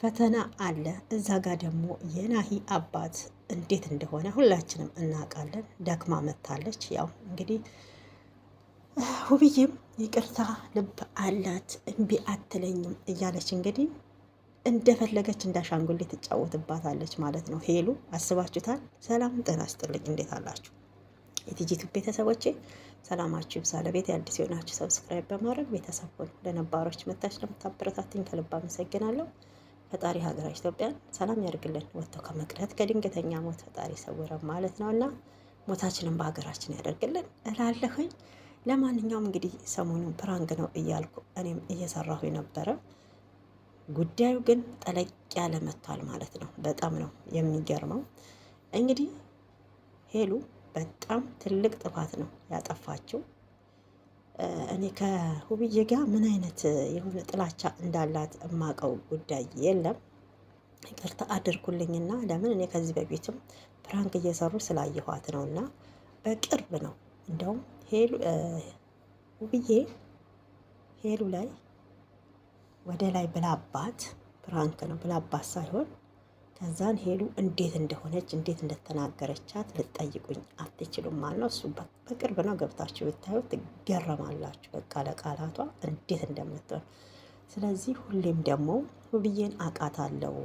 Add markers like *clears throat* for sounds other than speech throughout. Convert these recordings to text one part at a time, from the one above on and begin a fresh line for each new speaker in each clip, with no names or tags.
ፈተና አለ። እዛ ጋር ደግሞ የናሂ አባት እንዴት እንደሆነ ሁላችንም እናውቃለን። ደክማ መታለች። ያው እንግዲህ ውብዬም ይቅርታ ልብ አላት እምቢ አትለኝም እያለች እንግዲህ እንደፈለገች እንዳሻንጉሌ ትጫወትባታለች ማለት ነው። ሄሉ አስባችሁታል። ሰላም ጤና ይስጥልኝ። እንዴት አላችሁ የትጂቱ ቤተሰቦቼ? ሰላማችሁ ይብዛ። ለቤት የአዲስ የሆናችሁ ሰብስክራይብ በማድረግ ቤተሰብ ሁኑ። ለነባሮች መታች ለምታበረታትኝ ከልብ አመሰግናለሁ። ፈጣሪ ሀገራችን ኢትዮጵያን ሰላም ያድርግልን። ወጥቶ ከመቅረት ከድንገተኛ ሞት ፈጣሪ ሰውረ ማለት ነው እና ሞታችንን በሀገራችን ያደርግልን እላለሁኝ። ለማንኛውም እንግዲህ ሰሞኑን ፕራንክ ነው እያልኩ እኔም እየሰራሁ ነበረ ጉዳዩ ግን ጠለቅ ያለ መጥቷል ማለት ነው። በጣም ነው የሚገርመው እንግዲህ ሄሉ በጣም ትልቅ ጥፋት ነው ያጠፋችው። እኔ ከሁብዬ ጋር ምን አይነት የሆነ ጥላቻ እንዳላት እማቀው ጉዳይ የለም። ይቅርታ አድርጉልኝና ለምን እኔ ከዚህ በፊትም ፕራንክ እየሰሩ ስላየኋት ነው እና በቅርብ ነው እንደውም ሁብዬ ሄሉ ላይ ወደ ላይ ብላባት ፕራንክ ነው ብላባት ሳይሆን ከዛን ሄሉ እንዴት እንደሆነች እንዴት እንደተናገረቻት ልጠይቁኝ አትችሉም ማለት ነው። እሱ በቅርብ ነው ገብታችሁ ብታዩ ትገረማላችሁ። በቃ ለቃላቷ እንዴት እንደምትሆን ስለዚህ ሁሌም ደግሞ ውብዬን አቃታለው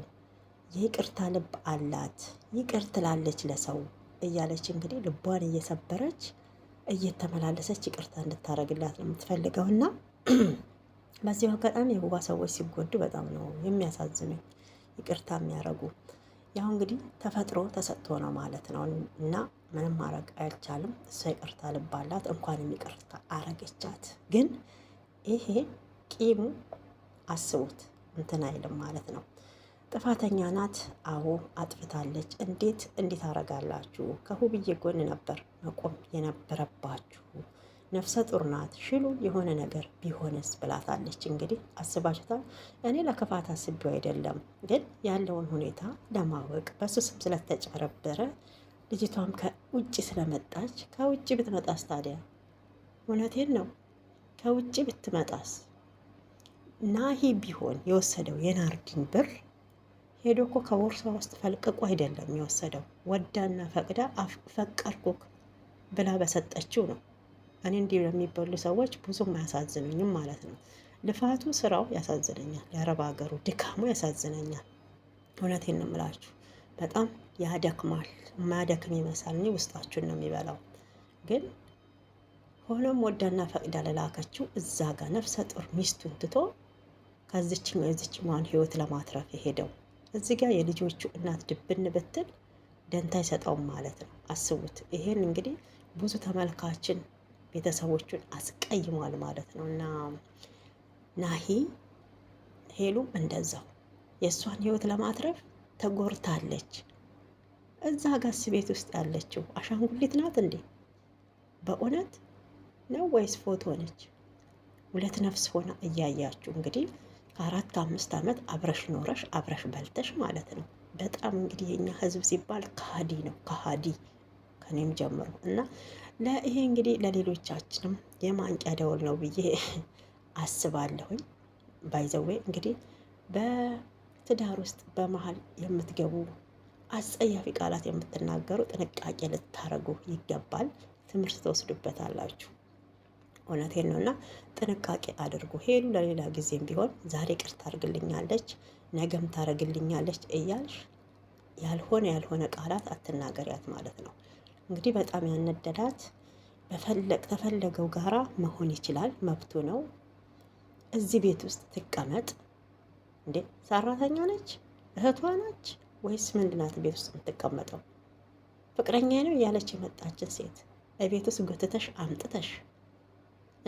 የይቅርታ ልብ አላት፣ ይቅር ትላለች ለሰው እያለች እንግዲህ ልቧን እየሰበረች እየተመላለሰች ይቅርታ እንድታደርግላት ነው የምትፈልገውና *clears throat* በዚሁ አጋጣሚ የቡባ ሰዎች ሲጎዱ በጣም ነው የሚያሳዝኑኝ። ይቅርታ የሚያደርጉ ያው እንግዲህ ተፈጥሮ ተሰጥቶ ነው ማለት ነው እና ምንም ማድረግ አይቻልም። እሷ ይቅርታ ልባላት እንኳን የሚቅርታ አረገቻት። ግን ይሄ ቂሙ አስቡት እንትን አይልም ማለት ነው። ጥፋተኛ ናት። አዎ አጥፍታለች። እንዴት እንዴት አረጋላችሁ? ከሁብዬ ጎን ነበር መቆም የነበረባችሁ። ነፍሰ ጡር ናት ሽሉ የሆነ ነገር ቢሆንስ ብላታለች። እንግዲህ አስባችሁታል። እኔ ለክፋት አስቤው አይደለም፣ ግን ያለውን ሁኔታ ለማወቅ በሱ ስም ስለተጨረበረ ልጅቷም ከውጭ ስለመጣች ከውጭ ብትመጣስ ታዲያ እውነቴን ነው። ከውጭ ብትመጣስ ናሂ ቢሆን የወሰደው የናርዲን ብር ሄዶ እኮ ከቦርሳ ውስጥ ፈልቅቆ አይደለም የወሰደው፣ ወዳና ፈቅዳ ፈቀድኩክ ብላ በሰጠችው ነው እኔ እንዲህ ለሚበሉ ሰዎች ብዙም አያሳዝኑኝም ማለት ነው። ልፋቱ ስራው ያሳዝነኛል፣ የአረብ ሀገሩ ድካሙ ያሳዝነኛል። እውነቴን ነው የምላችሁ፣ በጣም ያደክማል። የማያደክም ይመስላል፣ እኔ ውስጣችሁን ነው የሚበላው። ግን ሆኖም ወዳና ፈቅዳ ለላከችው እዛ ጋር ነፍሰ ጡር ሚስቱን ትቶ ከዚችኛው ማን ህይወት ለማትረፍ የሄደው እዚ ጋ የልጆቹ እናት ድብን ብትል ደንታ ይሰጠውም ማለት ነው። አስቡት። ይሄን እንግዲህ ብዙ ተመልካችን ቤተሰቦቹን አስቀይሟል ማለት ነው እና ናሂ ሄሉም እንደዛው የእሷን ህይወት ለማትረፍ ተጎርታለች። እዛ ጋስ ቤት ውስጥ ያለችው አሻንጉሊት ናት እንዴ? በእውነት ነው ወይስ ፎቶ ነች? ሁለት ነፍስ ሆና እያያችሁ እንግዲህ ከአራት ከአምስት ዓመት አብረሽ ኖረሽ አብረሽ በልተሽ ማለት ነው። በጣም እንግዲህ የኛ ህዝብ ሲባል ከሀዲ ነው ከሀዲ ከኔም ጀምሮ እና ለይሄ እንግዲህ ለሌሎቻችንም የማንቂያ ደወል ነው ብዬ አስባለሁኝ። ባይዘዌ እንግዲህ በትዳር ውስጥ በመሀል የምትገቡ አስፀያፊ ቃላት የምትናገሩ ጥንቃቄ ልታደርጉ ይገባል። ትምህርት ተወስዱበታላችሁ። እውነቴን ነውና ጥንቃቄ አድርጉ። ሄሉ ለሌላ ጊዜም ቢሆን ዛሬ ቅር ታደርግልኛለች፣ ነገም ታደርግልኛለች እያልሽ ያልሆነ ያልሆነ ቃላት አትናገሪያት ማለት ነው። እንግዲህ በጣም ያነደዳት በፈለቅ ተፈለገው ጋራ መሆን ይችላል፣ መብቱ ነው። እዚህ ቤት ውስጥ ትቀመጥ እንዴ? ሰራተኛ ነች? እህቷ ነች? ወይስ ምንድናት? ቤት ውስጥ የምትቀመጠው ፍቅረኛ ነው እያለች የመጣችን ሴት በቤት ውስጥ ጎትተሽ አምጥተሽ።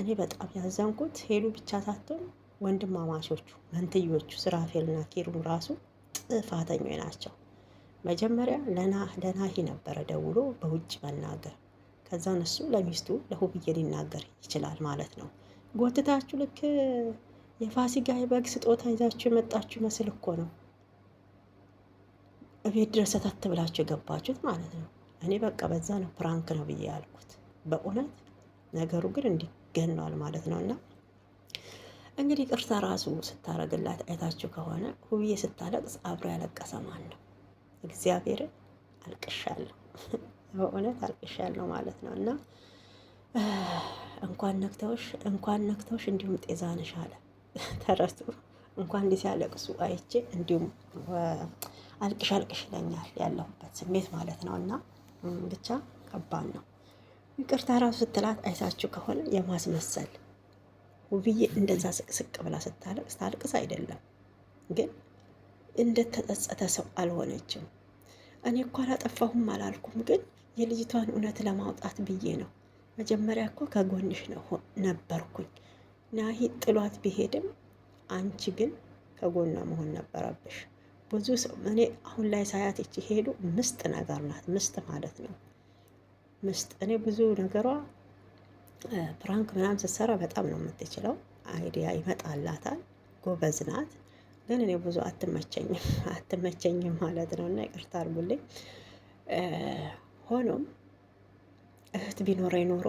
እኔ በጣም ያዘንኩት ሄሉ ብቻ ሳትሆን ወንድማማቾቹ መንትዮቹ ስራፌልና ኪሩ ራሱ ጥፋተኞች ናቸው። መጀመሪያ ለናሂ ነበረ ደውሎ በውጭ መናገር። ከዛ እሱ ለሚስቱ ለሁብዬ ሊናገር ይችላል ማለት ነው። ጎትታችሁ ልክ የፋሲካ የበግ ስጦታ ይዛችሁ የመጣችሁ ይመስል እኮ ነው እቤት ድረስ ሰተት ብላችሁ የገባችሁት ማለት ነው። እኔ በቃ በዛ ነው ፕራንክ ነው ብዬ ያልኩት። በእውነት ነገሩ ግን እንዲገኗል ማለት ነው እና እንግዲህ ቅርታ ራሱ ስታረግላት አይታችሁ ከሆነ ሁብዬ ስታለቅስ አብሮ ያለቀሰ ማን ነው? እግዚአብሔር አልቅሻለሁ፣ *laughs* በእውነት አልቅሻለሁ ማለት ነው እና እንኳን ነክተውሽ እንኳን ነክተውሽ እንዲሁም ጤዛንሽ አለ *laughs* ተረቱ። እንኳን እንዲህ ሲያለቅሱ አይቼ እንዲሁም አልቅሽ አልቅሽ ይለኛል ያለሁበት ስሜት ማለት ነው እና ብቻ ከባድ ነው። ይቅርታ ራሱ ስትላት አይታችሁ ከሆነ የማስመሰል ውብዬ እንደዛ ስቅስቅ ብላ ስታለቅስ ታልቅስ አይደለም ግን እንደተጸጸተ ሰው አልሆነችም። እኔ እኮ አላጠፋሁም አላልኩም፣ ግን የልጅቷን እውነት ለማውጣት ብዬ ነው። መጀመሪያ እኮ ከጎንሽ ነበርኩኝ። ናሂ ጥሏት ቢሄድም አንቺ ግን ከጎኗ መሆን ነበረብሽ። ብዙ ሰው እኔ አሁን ላይ ሳያት ይቺ ሄዱ ምስጥ ነገር ናት። ምስጥ ማለት ነው ምስጥ እኔ ብዙ ነገሯ ፕራንክ ምናምን ስትሰራ በጣም ነው የምትችለው። አይዲያ ይመጣላታል። ጎበዝ ናት። ግን እኔ ብዙ አትመቸኝም *laughs* አትመቸኝም ማለት ነው። እና ይቅርታ አድርጉልኝ። ሆኖም እህት ቢኖረኝ ኖሮ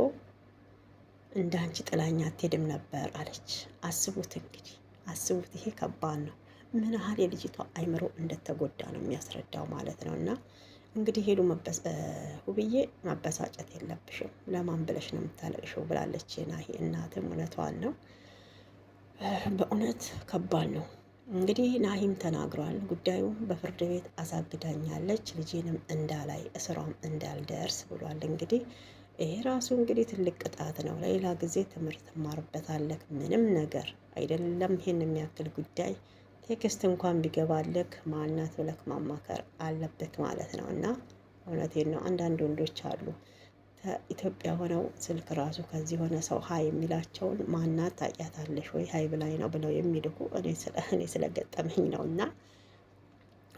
እንደ አንቺ ጥላኛ አትሄድም ነበር አለች። አስቡት እንግዲህ አስቡት። ይሄ ከባድ ነው። ምን ያህል የልጅቷ አይምሮ እንደተጎዳ ነው የሚያስረዳው ማለት ነው። እና እንግዲህ ሄዱ ሁብዬ መበሳጨት የለብሽም ለማን ብለሽ ነው የምታለቅሽው ብላለች። እናትም እውነቷን ነው። በእውነት ከባድ ነው። እንግዲህ ናሂም ተናግሯል። ጉዳዩ በፍርድ ቤት አሳግዳኛለች ልጄንም እንዳላይ እስሯም እንዳልደርስ ብሏል። እንግዲህ ይሄ ራሱ እንግዲህ ትልቅ ቅጣት ነው። ለሌላ ጊዜ ትምህርት ትማርበታለህ። ምንም ነገር አይደለም። ይህን የሚያክል ጉዳይ ቴክስት እንኳን ቢገባልክ ማናት ብለክ ማማከር አለበት ማለት ነው። እና እውነቴን ነው። አንዳንድ ወንዶች አሉ ከኢትዮጵያ ሆነው ስልክ ራሱ ከዚህ የሆነ ሰው ሀይ የሚላቸውን ማናት ታውቂያታለሽ ወይ ሀይ ብላኝ ነው ብለው የሚልኩ *laughs* እኔ ስለገጠመኝ ነው። እና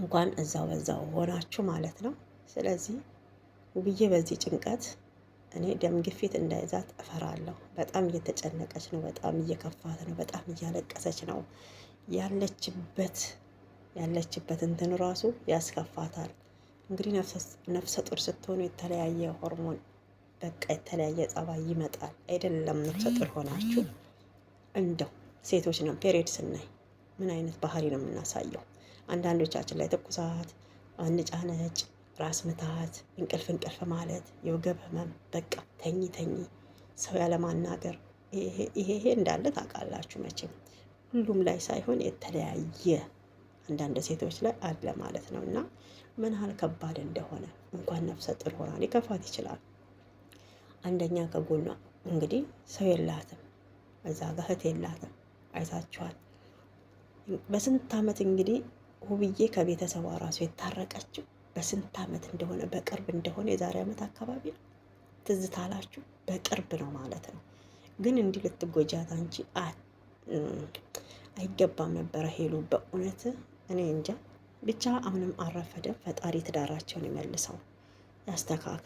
እንኳን እዛው በዛው ሆናችሁ ማለት ነው። ስለዚህ ውብዬ በዚህ ጭንቀት እኔ ደም ግፊት እንዳይዛት እፈራለሁ። በጣም እየተጨነቀች ነው። በጣም እየከፋት ነው። በጣም እያለቀሰች ነው። ያለችበት ያለችበት እንትን ራሱ ያስከፋታል። እንግዲህ ነፍሰ ጡር ስትሆኑ የተለያየ ሆርሞን በቃ የተለያየ ጸባይ ይመጣል። አይደለም ነፍሰ ጡር ሆናችሁ እንደው ሴቶች ነው ፔሬድ ስናይ ምን አይነት ባህሪ ነው የምናሳየው? አንዳንዶቻችን ላይ ትኩሳት፣ አንጫነጭ፣ ራስ ምታት፣ እንቅልፍ እንቅልፍ ማለት፣ የወገብ ህመም፣ በቃ ተኝ ተኝ፣ ሰው ያለማናገር ይሄ ይሄ እንዳለ ታውቃላችሁ መቼም ሁሉም ላይ ሳይሆን የተለያየ አንዳንድ ሴቶች ላይ አለ ማለት ነው። እና ምን ያህል ከባድ እንደሆነ እንኳን ነፍሰ ጡር ሆና ሊከፋት ይችላል። አንደኛ ከጎኗ እንግዲህ ሰው የላትም፣ እዛ ጋ እህት የላትም። አይታችኋል። በስንት ዓመት እንግዲህ ውብዬ ከቤተሰቧ ራሱ የታረቀችው በስንት ዓመት እንደሆነ በቅርብ እንደሆነ የዛሬ ዓመት አካባቢ ነው። በቅርብ ነው ማለት ነው። ግን እንዲህ ልትጎጃት አንቺ አይገባም ነበረ ሄሉ። በእውነት እኔ እንጃ ብቻ አሁንም አረፈደ ፈጣሪ ትዳራቸውን ይመልሰው ያስተካክል።